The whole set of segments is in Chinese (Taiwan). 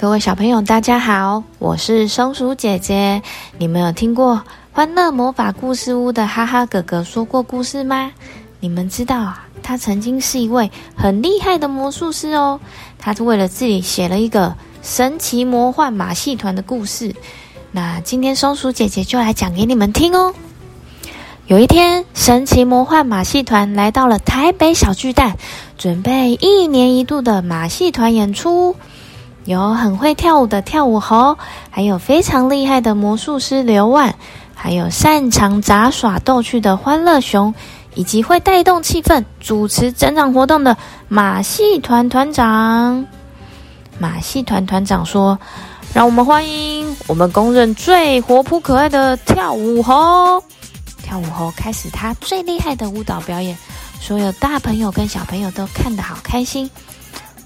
各位小朋友，大家好，我是松鼠姐姐。你們有聽過《歡樂魔法故事屋》的哈哈哥哥說過故事嗎？你們知道啊，他曾經是一位很厲害的魔術師哦。他是為了自己寫了一個神奇魔幻馬戲團的故事。那今天松鼠姐姐就來講給你們聽哦。有一天，神奇魔幻馬戲團來到了台北小巨蛋，準備一年一度的馬戲團演出。有很會跳舞的跳舞猴，還有非常厲害的魔術師劉萬，還有擅長雜耍逗趣的歡樂熊，以及會帶動氣氛主持整場活動的馬戲團團長。馬戲團團長說：“讓我們歡迎我們公認最活潑可愛的跳舞猴。”跳舞猴開始他最厲害的舞蹈表演，所有大朋友跟小朋友都看得好開心。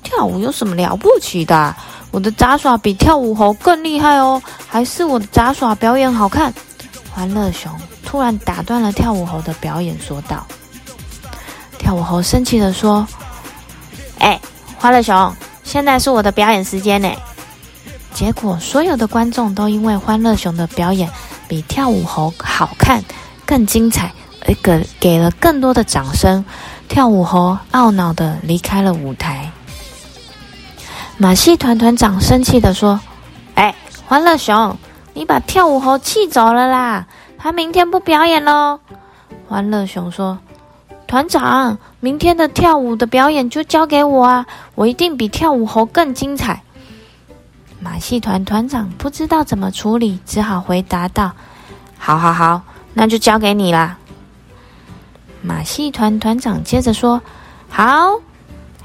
跳舞有什麼了不起的啊？我的雜耍比跳舞猴更厲害哦！還是我的雜耍表演好看？歡樂熊突然打斷了跳舞猴的表演，說道。跳舞猴生氣地說：“哎、欸，歡樂熊，現在是我的表演時間呢、欸！”結果，所有的觀眾都因為歡樂熊的表演比跳舞猴好看、更精彩而給給了更多的掌聲。跳舞猴懊惱地離開了舞台。馬戲團團長生氣地說：“哎，歡樂熊，你把跳舞猴氣走了啦，他明天不表演咯！”歡樂熊說：“團長，明天的跳舞的表演就交給我啊，我一定比跳舞猴更精彩。”馬戲團團長不知道怎麼處理，只好回答道：“好好好，那就交給你啦。”馬戲團團長接着說：“好。”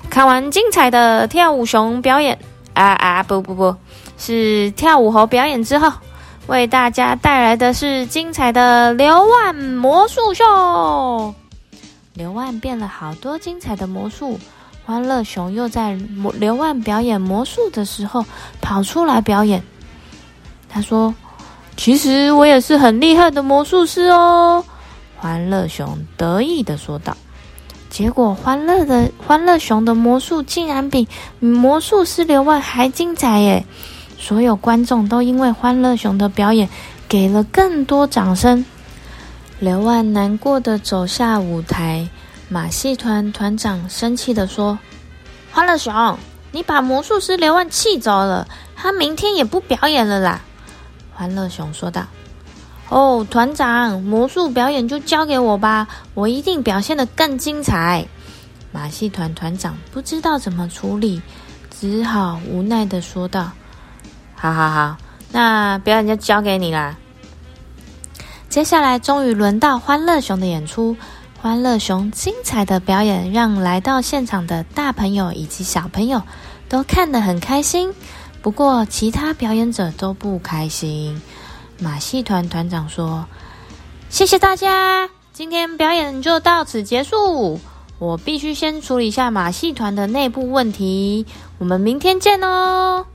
看完精彩的跳舞熊表演，啊啊不不不，是跳舞猴表演之後，為大家帶來的是精彩的劉萬魔術秀。劉萬變了好多精彩的魔術，歡樂熊又在劉萬表演魔術的時候跑出來表演。他說：“其實我也是很厲害的魔術師哦。”歡樂熊得意的說道。結果，歡樂的歡樂熊的魔術竟然比魔術師劉萬還精彩耶！所有觀眾都因為歡樂熊的表演，給了更多掌聲。劉萬難過的走下舞台，馬戲團團長生氣的說：“歡樂熊，你把魔術師劉萬氣走了，他明天也不表演了啦。”歡樂熊說道。哦，團長，魔術表演就交給我吧，我一定表現得更精彩。馬戲團團長不知道怎麼處理，只好無奈地說道：“好好好，那表演就交給你啦。”接下來，終於輪到歡樂熊的演出。歡樂熊精彩的表演讓來到現場的大朋友以及小朋友都看得很開心。不過，其他表演者都不開心。馬戲團團長說：“謝謝大家，今天表演就到此結束。我必須先處理一下馬戲團的內部問題。我們明天見哦。”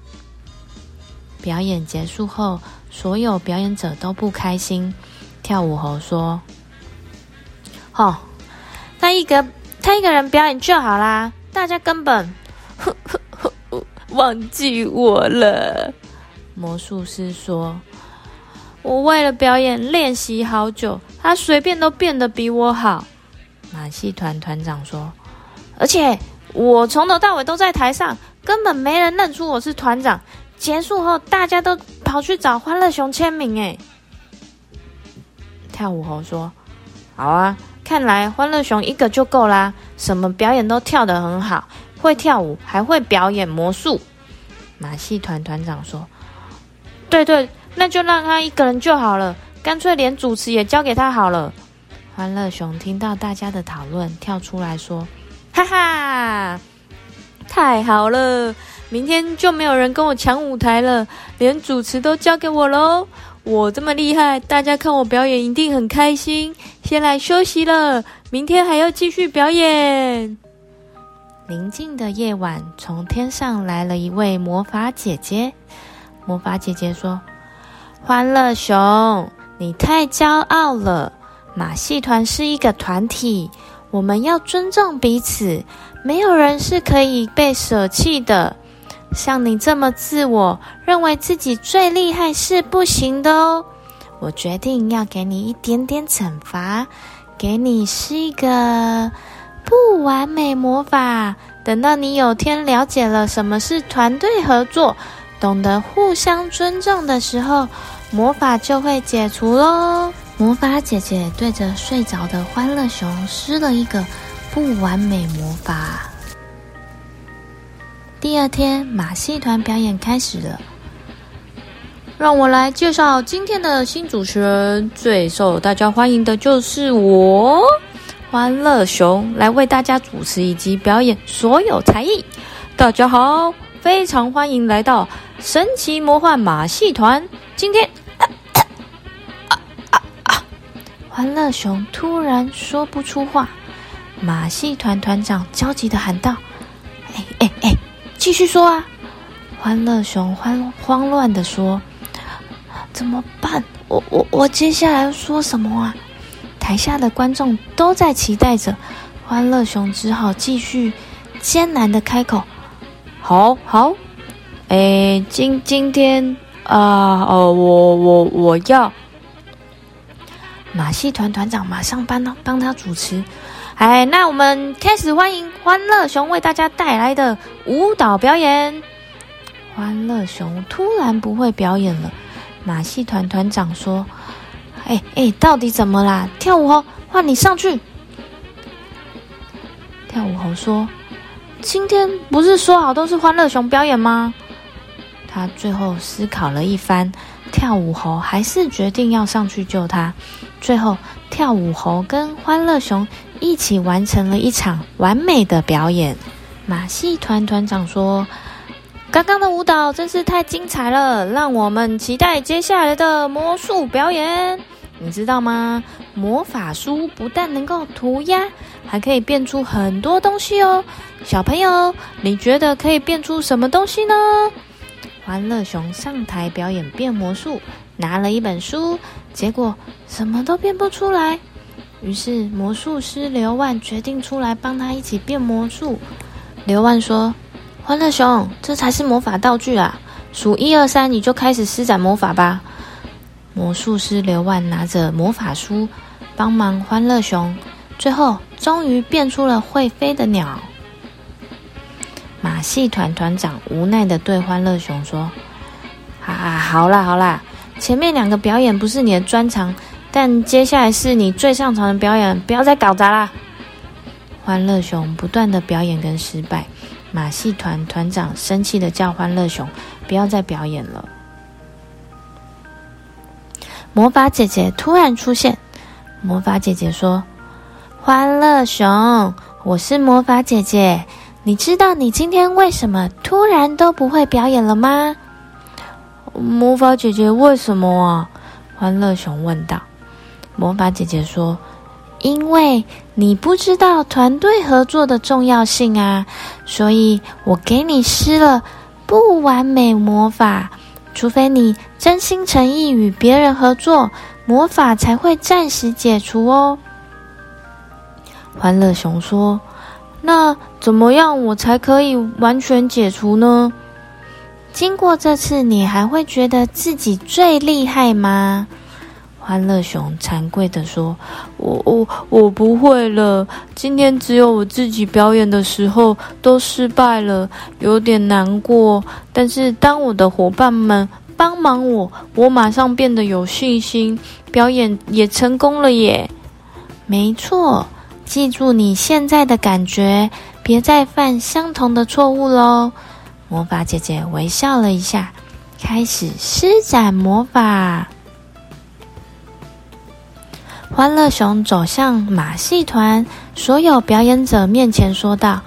表演結束後，所有表演者都不開心。跳舞猴說：“好、哦，他一個他一個人表演就好啦，大家根本呵呵呵忘記我了。”魔術師說。我為了表演練習好久，他隨便都變得比我好。馬戲團團長說：“而且我從頭到尾都在台上，根本沒人認出我是團長。”結束後，大家都跑去找歡樂熊簽名。誒，跳舞猴說：“好啊，看來歡樂熊一個就夠啦！什麼表演都跳得很好，會跳舞還會表演魔術。”馬戲團團長說：“對對。”那就讓他一個人就好了，乾脆連主持也交給他好了。歡樂熊聽到大家的討論，跳出來說：“哈哈，太好了！明天就沒有人跟我搶舞台了，連主持都交給我嘍！我這麼厲害，大家看我表演一定很開心。先來休息了，明天還要繼續表演。”寧靜的夜晚，從天上來了一位魔法姐姐。魔法姐姐說：歡樂熊，你太驕傲了。馬戲團是一個團體，我們要尊重彼此，沒有人是可以被捨棄的。像你這麼自我，認為自己最厲害是不行的哦。我決定要給你一點點懲罰，給你施一個不完美魔法。等到你有天了解了什麼是團隊合作，懂得互相尊重的時候，魔法就會解除嘍。魔法姐姐對着睡着的歡樂熊施了一個不完美魔法。第二天，馬戲團表演開始了。讓我來介紹今天的新主持人，最受大家歡迎的就是我——歡樂熊，來為大家主持以及表演所有才藝。大家好，非常歡迎來到。神奇魔幻馬戲團，今天，啊啊啊！啊啊歡樂熊突然說不出話，馬戲團團長焦急的喊道：“哎哎哎，繼續說啊！”歡樂熊慌慌亂的說：“怎麼辦？我我我，我接下來說什麼啊？”台下的觀眾都在期待着，歡樂熊只好繼續艱難的開口：“好好。好”哎、欸，今今天啊，哦、呃呃，我我我要馬戲團團長馬上幫他幫他主持。哎，那我們開始，歡迎歡樂熊為大家帶來的舞蹈表演。歡樂熊突然不會表演了，馬戲團團長說：“哎、欸、哎、欸，到底怎麼啦？跳舞猴，換你上去。”跳舞猴說：“今天不是說好都是歡樂熊表演嗎？”他最後思考了一番，跳舞猴還是決定要上去救他。最後，跳舞猴跟歡樂熊一起完成了一場完美的表演。馬戲團團長說：“剛剛的舞蹈真是太精彩了，讓我們期待接下來的魔術表演。”你知道嗎？魔法書不但能夠塗鴉，還可以變出很多東西哦。小朋友，你覺得可以變出什麼東西呢？歡樂熊上台表演變魔術，拿了一本書，結果什麼都變不出來。於是魔術師劉萬決定出來幫他一起變魔術。劉萬說：“歡樂熊，這才是魔法道具啊！數一二三，你就開始施展魔法吧。”魔術師劉萬拿着魔法書，幫忙歡樂熊，最後終於變出了會飛的鳥。馬戲團團長無奈的對歡樂熊說：“啊，好啦好啦，前面兩個表演不是你的專長，但接下來是你最擅長的表演，不要再搞砸啦！”歡樂熊不斷的表演跟失敗，馬戲團團長生氣的叫歡樂熊不要再表演了。魔法姐姐突然出現，魔法姐姐說：“歡樂熊，我是魔法姐姐。”你知道你今天為什麼突然都不會表演了嗎？魔法姐姐，為什麼啊？歡樂熊問道。魔法姐姐說：“因為你不知道團隊合作的重要性啊，所以我給你施了不完美魔法。除非你真心誠意與別人合作，魔法才會暫時解除哦。”歡樂熊說。那怎麼樣我才可以完全解除呢？經過這次，你還會覺得自己最厲害嗎？歡樂熊慚愧地說：“我、我、我不會了。今天只有我自己表演的時候都失敗了，有點難過。但是當我的夥伴們幫忙我，我馬上變得有信心，表演也成功了耶！沒錯。”記住你現在的感覺，別再犯相同的錯誤嘍！魔法姐姐微笑了一下，開始施展魔法。歡樂熊走向馬戲團所有表演者面前，說道：“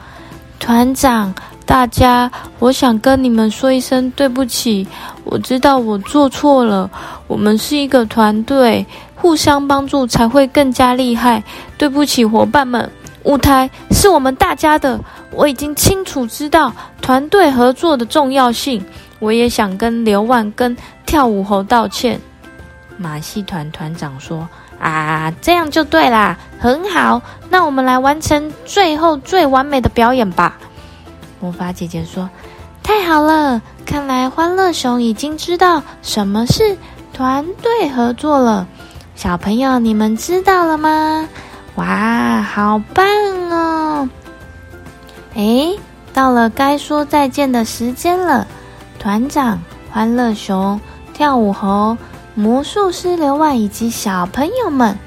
團長，大家，我想跟你們說一聲對不起。我知道我做錯了，我們是一個團隊。”互相幫助才會更加厲害。對不起，夥伴們，舞台是我們大家的。我已經清楚知道團隊合作的重要性。我也想跟劉萬根、跳舞猴道歉。馬戲團團長說：“啊，這樣就對啦，很好。那我們來完成最後最完美的表演吧。”魔法姐姐說：“太好了，看來歡樂熊已經知道什麼是團隊合作了。”小朋友，你們知道了嗎？哇，好棒哦！誒，到了該說再見的時間了。團長、歡樂熊、跳舞猴、魔術師劉萬以及小朋友們，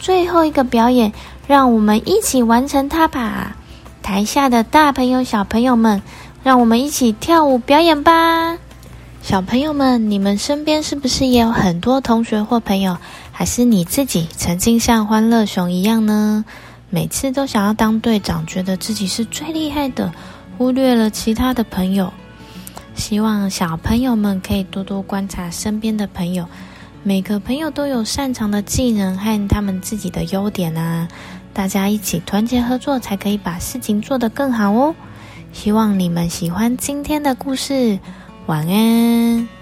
最後一個表演，讓我們一起完成它吧！台下的大朋友、小朋友們，讓我們一起跳舞表演吧！小朋友們，你們身邊是不是也有很多同學或朋友？還是你自己曾經像歡樂熊一樣呢？每次都想要當隊長，覺得自己是最厲害的，忽略了其他的朋友。希望小朋友們可以多多觀察身邊的朋友，每個朋友都有擅長的技能和他們自己的優點啊，大家一起團結合作，才可以把事情做得更好哦。希望你們喜歡今天的故事，晚安。